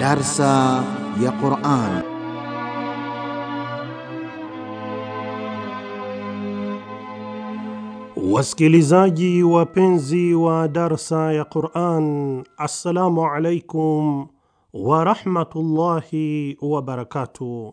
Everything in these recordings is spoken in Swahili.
درس يا قرآن Wasikilizaji wapenzi wa darsa ya Qur'an, assalamu alaikum wa rahmatullahi wa barakatuh.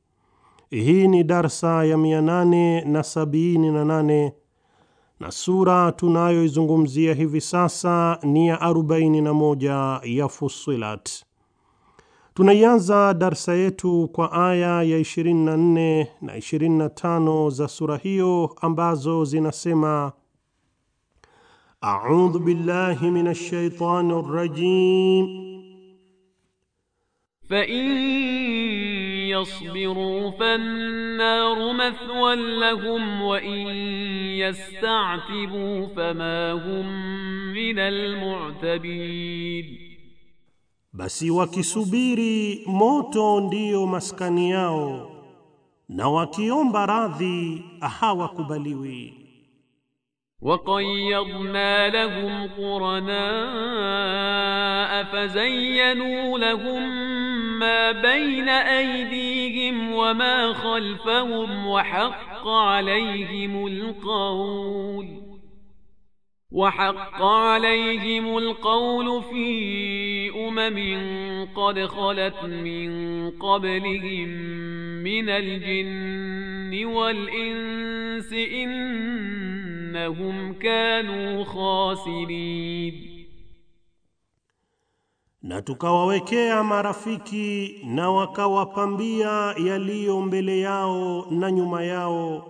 Hii ni darsa ya 878 na, na sura tunayoizungumzia hivi sasa ni ya 41 ya Fusilat. Tunaianza darsa yetu kwa aya ya 24 na 25 za sura hiyo ambazo zinasema: audhu billahi minash shaitani rajim fa in يصبروا فالنار مثوى لهم وإن يستعتبوا فما هم من المعتبين basi wakisubiri moto ndiyo maskani yao na wakiomba radhi hawakubaliwi وقيضنا لهم قرناء فزينوا لهم ما بين أيديهم وما خلفهم وحق عليهم القول وحق عليهم القول في أمم قد خلت من قبلهم من الجن والإنس إن innahum kanu khasirin, na tukawawekea marafiki na wakawapambia yaliyo mbele yao na nyuma yao,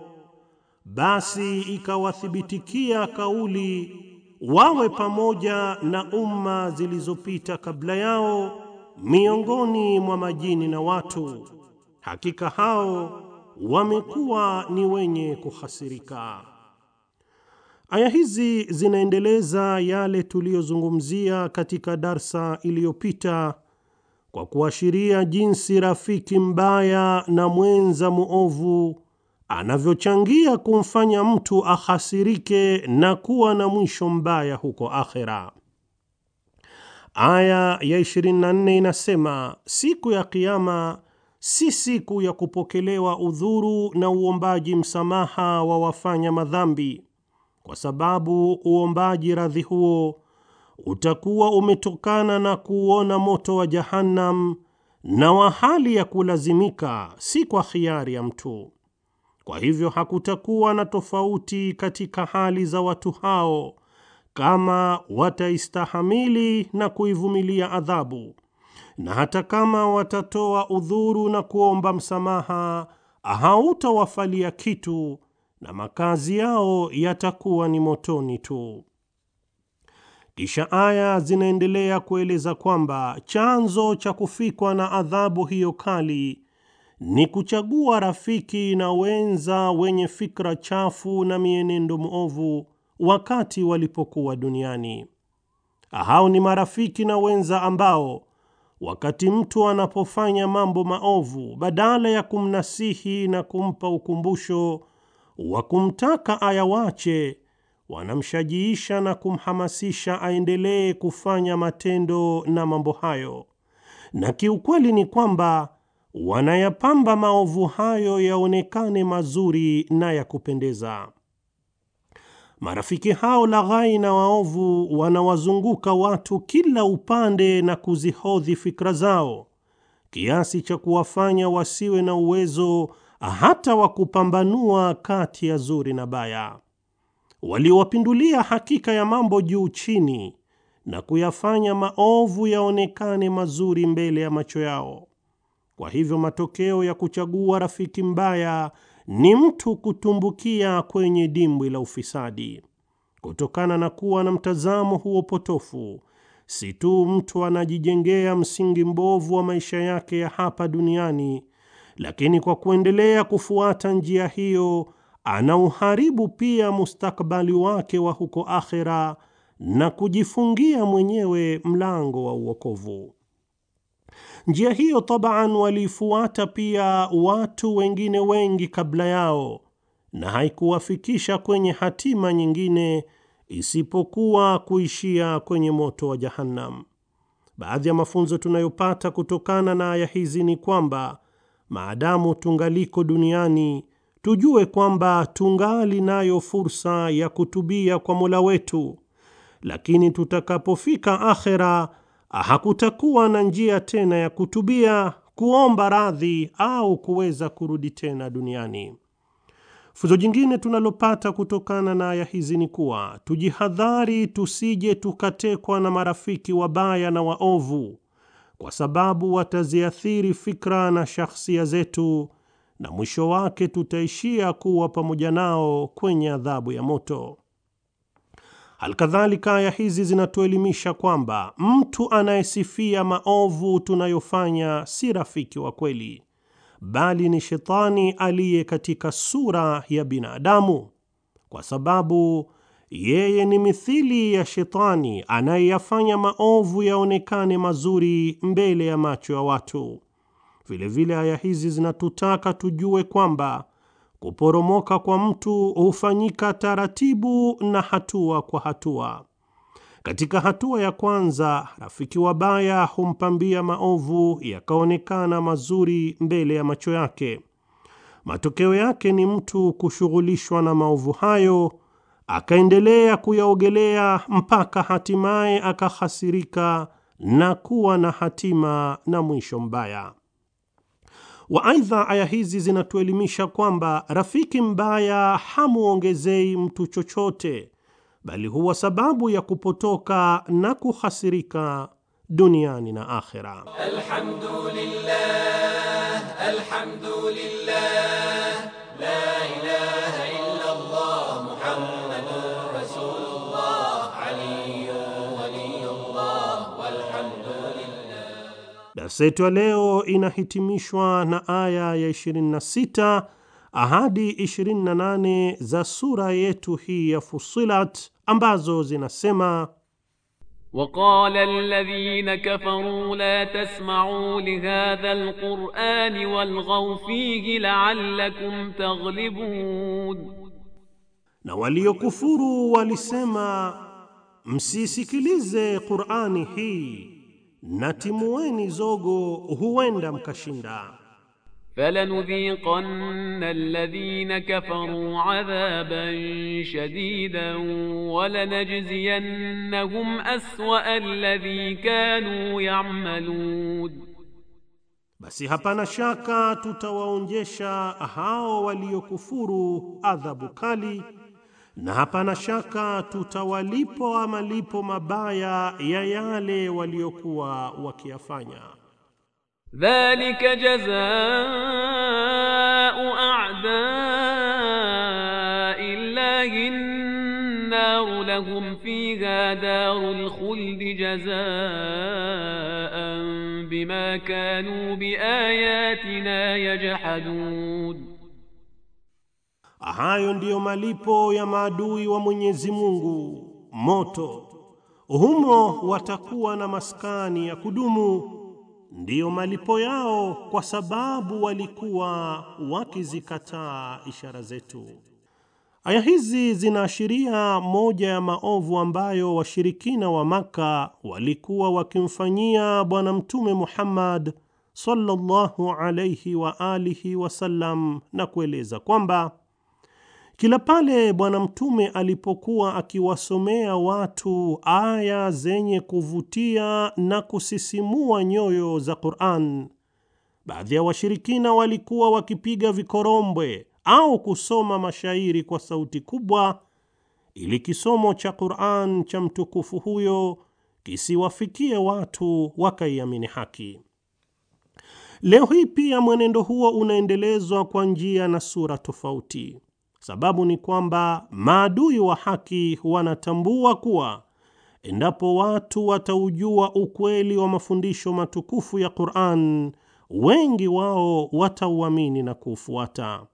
basi ikawathibitikia kauli wawe pamoja na umma zilizopita kabla yao miongoni mwa majini na watu, hakika hao wamekuwa ni wenye kuhasirika. Aya hizi zinaendeleza yale tuliyozungumzia katika darsa iliyopita kwa kuashiria jinsi rafiki mbaya na mwenza muovu anavyochangia kumfanya mtu ahasirike na kuwa na mwisho mbaya huko akhera. Aya ya 24 inasema, siku ya kiama si siku ya kupokelewa udhuru na uombaji msamaha wa wafanya madhambi kwa sababu uombaji radhi huo utakuwa umetokana na kuuona moto wa Jahannam na wa hali ya kulazimika, si kwa khiari ya mtu. Kwa hivyo hakutakuwa na tofauti katika hali za watu hao, kama wataistahamili na kuivumilia adhabu, na hata kama watatoa udhuru na kuomba msamaha, hautawafalia kitu na makazi yao yatakuwa ni motoni tu. Kisha aya zinaendelea kueleza kwamba chanzo cha kufikwa na adhabu hiyo kali ni kuchagua rafiki na wenza wenye fikra chafu na mienendo mwovu wakati walipokuwa duniani. Hao ni marafiki na wenza ambao wakati mtu anapofanya mambo maovu, badala ya kumnasihi na kumpa ukumbusho wa kumtaka ayawache wanamshajiisha na kumhamasisha aendelee kufanya matendo na mambo hayo, na kiukweli ni kwamba wanayapamba maovu hayo yaonekane mazuri na ya kupendeza. Marafiki hao laghai na waovu wanawazunguka watu kila upande na kuzihodhi fikra zao kiasi cha kuwafanya wasiwe na uwezo hata wa kupambanua kati ya zuri na baya, waliowapindulia hakika ya mambo juu chini na kuyafanya maovu yaonekane mazuri mbele ya macho yao. Kwa hivyo matokeo ya kuchagua rafiki mbaya ni mtu kutumbukia kwenye dimbwi la ufisadi. Kutokana na kuwa na mtazamo huo potofu, si tu mtu anajijengea msingi mbovu wa maisha yake ya hapa duniani, lakini kwa kuendelea kufuata njia hiyo anauharibu pia mustakbali wake wa huko akhera na kujifungia mwenyewe mlango wa uokovu. Njia hiyo tabaan waliifuata pia watu wengine wengi kabla yao, na haikuwafikisha kwenye hatima nyingine isipokuwa kuishia kwenye moto wa Jahannam. Baadhi ya mafunzo tunayopata kutokana na aya hizi ni kwamba maadamu tungaliko duniani, tujue kwamba tungali nayo fursa ya kutubia kwa Mola wetu, lakini tutakapofika akhera hakutakuwa na njia tena ya kutubia, kuomba radhi au kuweza kurudi tena duniani. Funzo jingine tunalopata kutokana na aya hizi ni kuwa tujihadhari, tusije tukatekwa na marafiki wabaya na waovu kwa sababu wataziathiri fikra na shakhsia zetu, na mwisho wake tutaishia kuwa pamoja nao kwenye adhabu ya moto. Alkadhalika, aya hizi zinatuelimisha kwamba mtu anayesifia maovu tunayofanya si rafiki wa kweli, bali ni shetani aliye katika sura ya binadamu, kwa sababu yeye ni mithili ya shetani anayeyafanya maovu yaonekane mazuri mbele ya macho ya watu. Vilevile aya hizi zinatutaka tujue kwamba kuporomoka kwa mtu hufanyika taratibu na hatua kwa hatua. Katika hatua ya kwanza, rafiki wabaya humpambia maovu yakaonekana mazuri mbele ya macho yake. Matokeo yake ni mtu kushughulishwa na maovu hayo akaendelea kuyaogelea mpaka hatimaye akahasirika na kuwa na hatima na mwisho mbaya. Waaidha, aya hizi zinatuelimisha kwamba rafiki mbaya hamuongezei mtu chochote, bali huwa sababu ya kupotoka na kuhasirika duniani na akhera. Alhamdulillah, alhamdulillah, la ilaha Darsa yetu ya leo inahitimishwa na aya ya 26 ahadi 28 za sura yetu hii ya Fusilat ambazo zinasema وقال الذين كفروا لا تسمعوا لهذا القرآن والغوا فيه لعلكم تغلبون, na waliokufuru walisema msisikilize Qur'ani hii na timueni zogo, huenda mkashinda. فلنذيقن الذين kafaru عذابا شديدا ولنجزينهم أسوأ الذي kanu ya'malun, basi hapana shaka tutawaonjesha hao waliokufuru adhabu kali na hapana shaka tutawalipa malipo mabaya ya yale waliokuwa wakiyafanya. Dhalika jazaa'u a'da'i llahi an-nar lahum fiha darul khuld jazaa'an bima kanu biayatina yajhadun Hayo ndiyo malipo ya maadui wa Mwenyezi Mungu, moto. Humo watakuwa na maskani ya kudumu, ndiyo malipo yao, kwa sababu walikuwa wakizikataa ishara zetu. Aya hizi zinaashiria moja ya maovu ambayo washirikina wa Maka walikuwa wakimfanyia Bwana Mtume Muhammad sallallahu alayhi wa alihi wasallam, na kueleza kwamba kila pale Bwana Mtume alipokuwa akiwasomea watu aya zenye kuvutia na kusisimua nyoyo za Qur'an, baadhi ya washirikina walikuwa wakipiga vikorombwe au kusoma mashairi kwa sauti kubwa ili kisomo cha Qur'an cha mtukufu huyo kisiwafikie watu wakaiamini haki. Leo hii pia mwenendo huo unaendelezwa kwa njia na sura tofauti. Sababu ni kwamba maadui wa haki wanatambua kuwa endapo watu wataujua ukweli wa mafundisho matukufu ya Qur'an, wengi wao watauamini na kuufuata.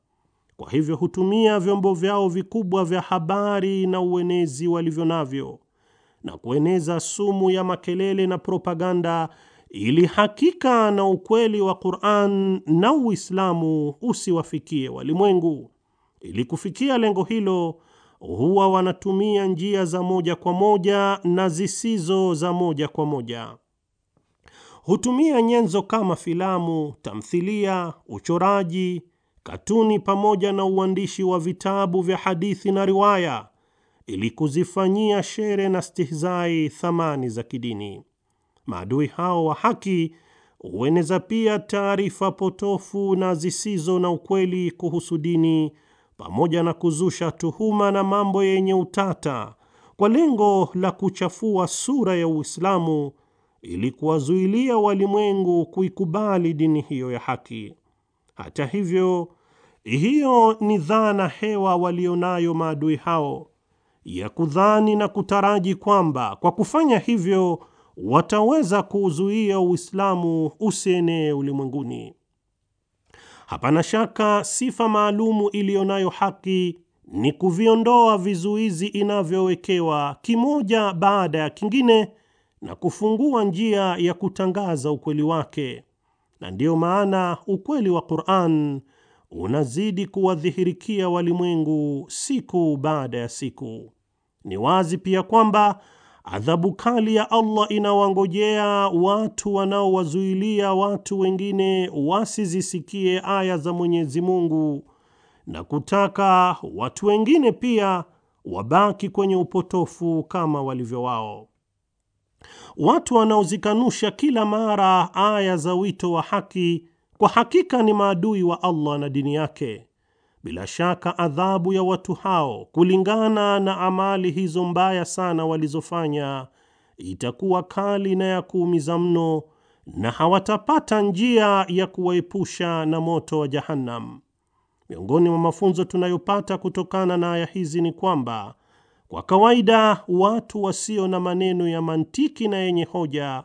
Kwa hivyo hutumia vyombo vyao vikubwa vya habari na uenezi walivyo navyo na kueneza sumu ya makelele na propaganda ili hakika na ukweli wa Qur'an na Uislamu usiwafikie walimwengu. Ili kufikia lengo hilo, huwa wanatumia njia za moja kwa moja na zisizo za moja kwa moja. Hutumia nyenzo kama filamu, tamthilia, uchoraji, katuni pamoja na uandishi wa vitabu vya hadithi na riwaya ili kuzifanyia shere na stihzai thamani za kidini. Maadui hao wa haki hueneza pia taarifa potofu na zisizo na ukweli kuhusu dini pamoja na kuzusha tuhuma na mambo yenye utata kwa lengo la kuchafua sura ya Uislamu ili kuwazuilia walimwengu kuikubali dini hiyo ya haki. Hata hivyo, hiyo ni dhana hewa walionayo maadui hao ya kudhani na kutaraji kwamba kwa kufanya hivyo wataweza kuuzuia Uislamu usienee ulimwenguni. Hapana shaka sifa maalumu iliyo nayo haki ni kuviondoa vizuizi inavyowekewa kimoja baada ya kingine na kufungua njia ya kutangaza ukweli wake, na ndiyo maana ukweli wa Qur'an unazidi kuwadhihirikia walimwengu siku baada ya siku. Ni wazi pia kwamba Adhabu kali ya Allah inawangojea watu wanaowazuilia watu wengine wasizisikie aya za Mwenyezi Mungu na kutaka watu wengine pia wabaki kwenye upotofu kama walivyo wao. Watu wanaozikanusha kila mara aya za wito wa haki kwa hakika ni maadui wa Allah na dini yake. Bila shaka adhabu ya watu hao kulingana na amali hizo mbaya sana walizofanya itakuwa kali na ya kuumiza mno, na hawatapata njia ya kuwaepusha na moto wa Jahannam. Miongoni mwa mafunzo tunayopata kutokana na aya hizi ni kwamba kwa kawaida watu wasio na maneno ya mantiki na yenye hoja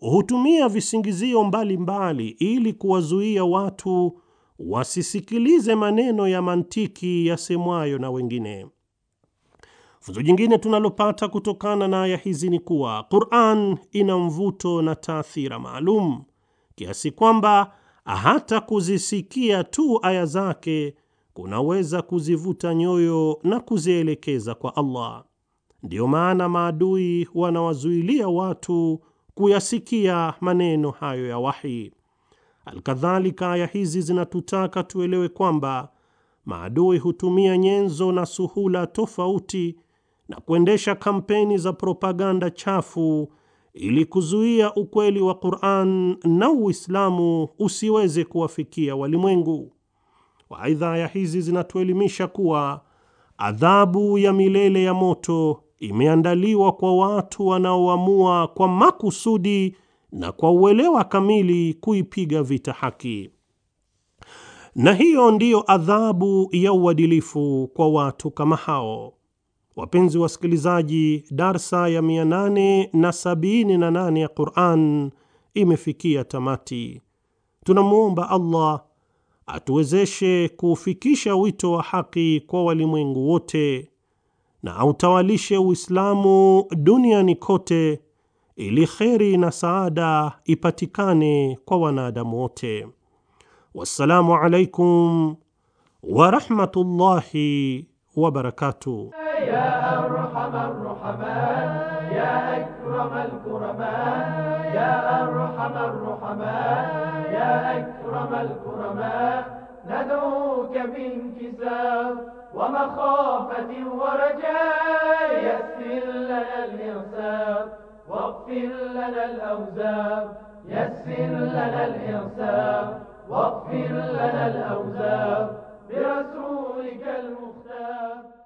hutumia visingizio mbalimbali ili kuwazuia watu wasisikilize maneno ya mantiki yasemwayo na wengine. Funzo jingine tunalopata kutokana na aya hizi ni kuwa Qur'an ina mvuto na taathira maalum kiasi kwamba hata kuzisikia tu aya zake kunaweza kuzivuta nyoyo na kuzielekeza kwa Allah. Ndiyo maana maadui wanawazuilia watu kuyasikia maneno hayo ya wahi. Alkadhalika, aya hizi zinatutaka tuelewe kwamba maadui hutumia nyenzo na suhula tofauti na kuendesha kampeni za propaganda chafu ili kuzuia ukweli wa Qur'an na Uislamu usiweze kuwafikia walimwengu. Waidha, aya hizi zinatuelimisha kuwa adhabu ya milele ya moto imeandaliwa kwa watu wanaoamua kwa makusudi na kwa uelewa kamili kuipiga vita haki. Na hiyo ndiyo adhabu ya uadilifu kwa watu kama hao. Wapenzi wasikilizaji, darsa ya 878 na ya Qur'an imefikia tamati. Tunamwomba Allah atuwezeshe kuufikisha wito wa haki kwa walimwengu wote na autawalishe Uislamu duniani kote ili kheri na saada ipatikane kwa wanadamu wote. Wassalamu alaikum wa rahmatullahi wa barakatuh. Ya ومخافة ورجاء يسر لنا الإرسال واغفر لنا الأوزار يسر لنا الإعسار واغفر لنا الأوزار برسولك المختار